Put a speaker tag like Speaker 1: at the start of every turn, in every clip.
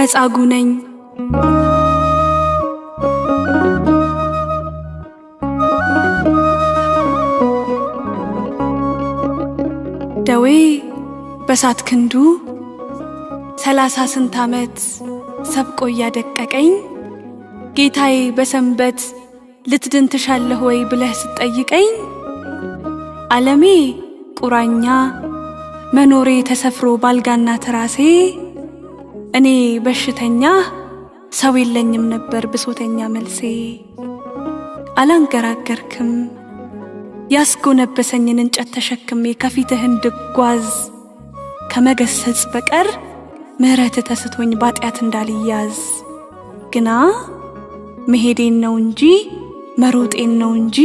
Speaker 1: መጻጉ ነኝ። ደዌ በሳት ክንዱ ሰላሳ ስንት ዓመት ሰብቆ እያደቀቀኝ ጌታዬ በሰንበት ልትድን ትሻለህ ወይ ብለህ ስትጠይቀኝ ዓለሜ ቁራኛ መኖሬ ተሰፍሮ ባልጋና ትራሴ እኔ በሽተኛ ሰው የለኝም ነበር ብሶተኛ መልሴ። አላንገራገርክም ያስጎነበሰኝን እንጨት ተሸክሜ ከፊትህ እንድጓዝ ከመገሰጽ በቀር ምህረት ተስቶኝ ባጢአት እንዳልያዝ ግና መሄዴን ነው እንጂ መሮጤን ነው እንጂ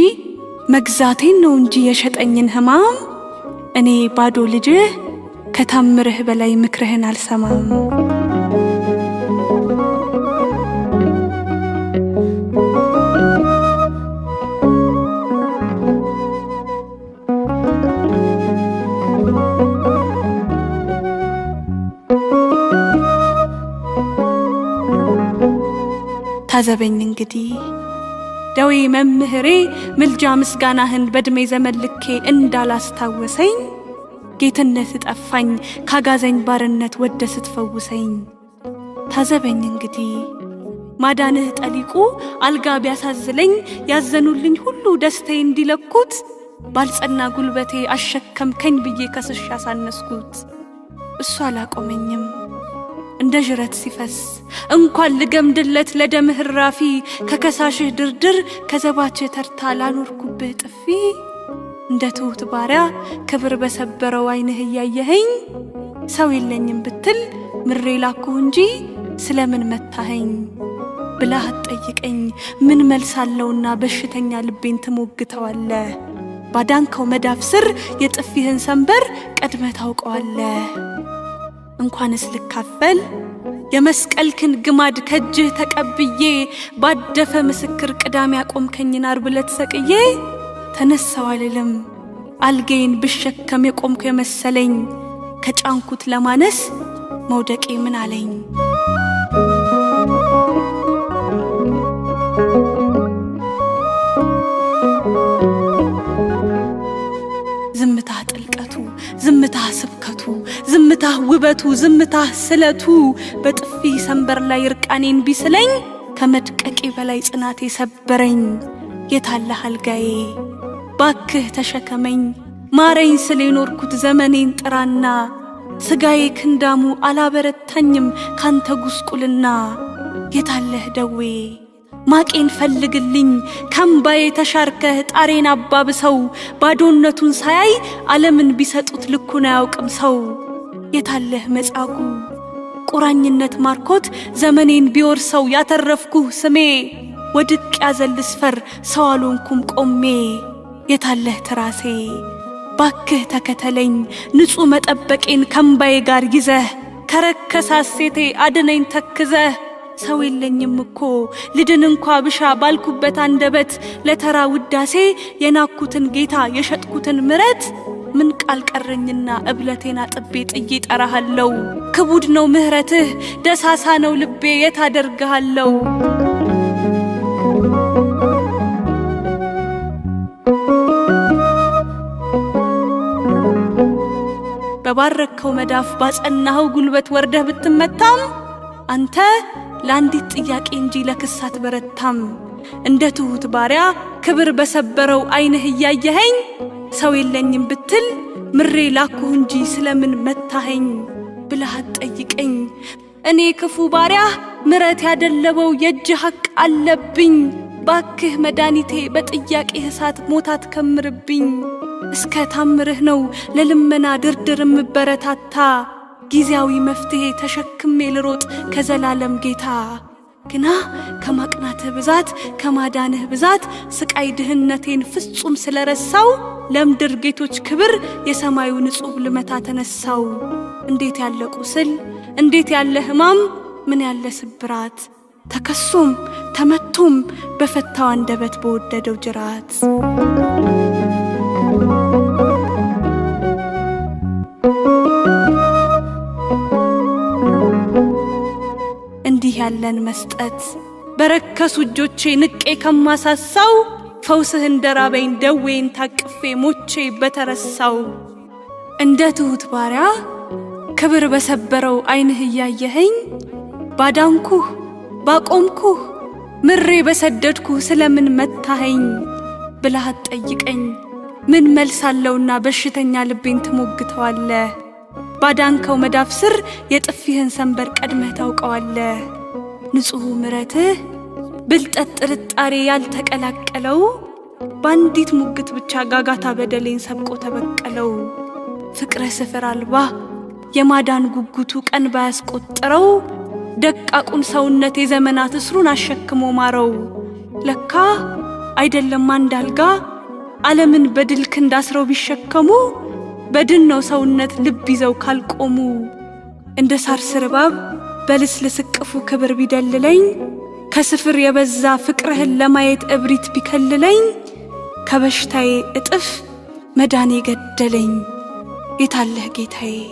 Speaker 1: መግዛቴን ነው እንጂ የሸጠኝን ህማም እኔ ባዶ ልጅህ ከታምርህ በላይ ምክርህን አልሰማም። ታዘበኝ እንግዲህ ደዌ መምህሬ ምልጃ ምስጋናህን በድሜ ዘመን ልኬ እንዳላስታወሰኝ ጌትነት ጠፋኝ ካጋዘኝ ባርነት ወደ ስትፈውሰኝ ታዘበኝ እንግዲህ ማዳንህ ጠሊቁ አልጋ ቢያሳዝለኝ ያዘኑልኝ ሁሉ ደስታዬ እንዲለኩት ባልጸና ጉልበቴ አሸከምከኝ ብዬ ከስሽ ያሳነስኩት እሱ አላቆመኝም። እንደ ዥረት ሲፈስ እንኳን ልገምድለት ለደም ህራፊ ከከሳሽህ ድርድር ከዘባችህ ተርታ ላኖርኩብህ ጥፊ እንደ ትሑት ባሪያ ክብር በሰበረው ዓይንህ እያየኸኝ ሰው የለኝም ብትል ምሬ ላኩህ እንጂ ስለምን መታኸኝ ብላህ አትጠይቀኝ። ምን መልሳለውና በሽተኛ ልቤን ትሞግተዋለ ባዳንከው መዳፍ ስር የጥፊህን ሰንበር ቀድመ ታውቀዋለህ። እንኳንስ ልካፈል የመስቀልክን ግማድ ከእጅህ ተቀብዬ ባደፈ ምስክር ቅዳሜ ያቆምከኝን አርብ ዕለት ሰቅዬ ተነሳው አልልም አልጌን ብሸከም የቆምኩ የመሰለኝ ከጫንኩት ለማነስ መውደቄ ምን አለኝ። ዝምታህ ስብከቱ፣ ዝምታህ ውበቱ፣ ዝምታህ ስለቱ በጥፊ ሰንበር ላይ እርቃኔን ቢስለኝ ከመድቀቄ በላይ ጽናቴ ሰበረኝ። የታለህ አልጋዬ ባክህ ተሸከመኝ ማረኝ ስል የኖርኩት ዘመኔን ጥራና ስጋዬ ክንዳሙ አላበረታኝም ካንተ ጉስቁልና የታለህ ደዌ ማቄን ፈልግልኝ ከምባዬ ተሻርከህ ጣሬን አባብሰው ባዶነቱን ሳያይ ዓለምን ቢሰጡት ልኩን አያውቅም ሰው። የታለህ መጻጉ ቁራኝነት ማርኮት ዘመኔን ቢወርሰው ያተረፍኩህ ስሜ ወድቅ ያዘልስፈር ስፈር ሰው አልሆንኩም ቆሜ የታለህ ትራሴ ባክህ ተከተለኝ ንጹሕ መጠበቄን ከምባዬ ጋር ይዘህ ከረከሳሴቴ አድነኝ ተክዘህ ሰው የለኝም እኮ ልድን እንኳ ብሻ ባልኩበት አንደበት ለተራ ውዳሴ የናኩትን ጌታ የሸጥኩትን ምረት ምን ቃል ቀረኝና እብለቴና ጥቤ ጥዬ ጠራሃለው። ክቡድ ነው ምህረትህ ደሳሳ ነው ልቤ የት በባረከው መዳፍ ባጸናኸው ጉልበት ወርደህ ብትመታም አንተ ለአንዲት ጥያቄ እንጂ ለክሳት በረታም እንደ ትሑት ባሪያ ክብር በሰበረው አይንህ እያየኸኝ ሰው የለኝም ብትል ምሬ ላኩህ እንጂ ስለምን መታኸኝ ብለህ አትጠይቀኝ። እኔ ክፉ ባሪያ ምረት ያደለበው የእጅ ሐቅ አለብኝ። ባክህ መድኒቴ በጥያቄ እሳት ሞታ አትከምርብኝ። እስከ ታምርህ ነው ለልመና ድርድር ምበረታታ። ጊዜያዊ መፍትሄ ተሸክሜ ልሮጥ ከዘላለም ጌታ ግና ከማቅናትህ ብዛት ከማዳንህ ብዛት ስቃይ ድህነቴን ፍጹም ስለረሳው ለምድር ጌቶች ክብር የሰማዩ ንጹሕ ልመታ ተነሳው። እንዴት ያለ ቁስል፣ እንዴት ያለ ህማም ምን ያለ ስብራት! ተከሱም ተመቱም በፈታው አንደበት በወደደው ጅራት ያለን መስጠት በረከሱ እጆቼ ንቄ ከማሳሳው ፈውስህ እንደ ራበኝ ደዌን ታቅፌ ሞቼ በተረሳው እንደ ትሁት ባሪያ ክብር በሰበረው አይንህ እያየኸኝ ባዳንኩህ ባቆምኩህ ምሬ በሰደድኩህ ስለምን መታኸኝ ብለህ አትጠይቀኝ። ምን መልስ አለውና በሽተኛ ልቤን ትሞግተዋለህ? ባዳንከው መዳፍ ስር የጥፊህን ሰንበር ቀድመህ ታውቀዋለህ። ንጹሕ ምረት! ብልጠት ጥርጣሬ ያልተቀላቀለው በአንዲት ሙግት ብቻ ጋጋታ በደሌን ሰብቆ ተበቀለው። ፍቅረ ስፍር አልባ የማዳን ጉጉቱ ቀን ባያስቆጥረው ደቃቁን ሰውነት የዘመናት እስሩን አሸክሞ ማረው። ለካ አይደለም አንድ አልጋ ዓለምን በድል ክንድ አስረው ቢሸከሙ በድን ነው ሰውነት ልብ ይዘው ካልቆሙ እንደ ሳር ስርባብ በልስልስ እቅፉ ክብር ቢደልለኝ ከስፍር የበዛ ፍቅርህን ለማየት እብሪት ቢከልለኝ ከበሽታዬ እጥፍ መዳን ገደለኝ። የታለህ ጌታዬ?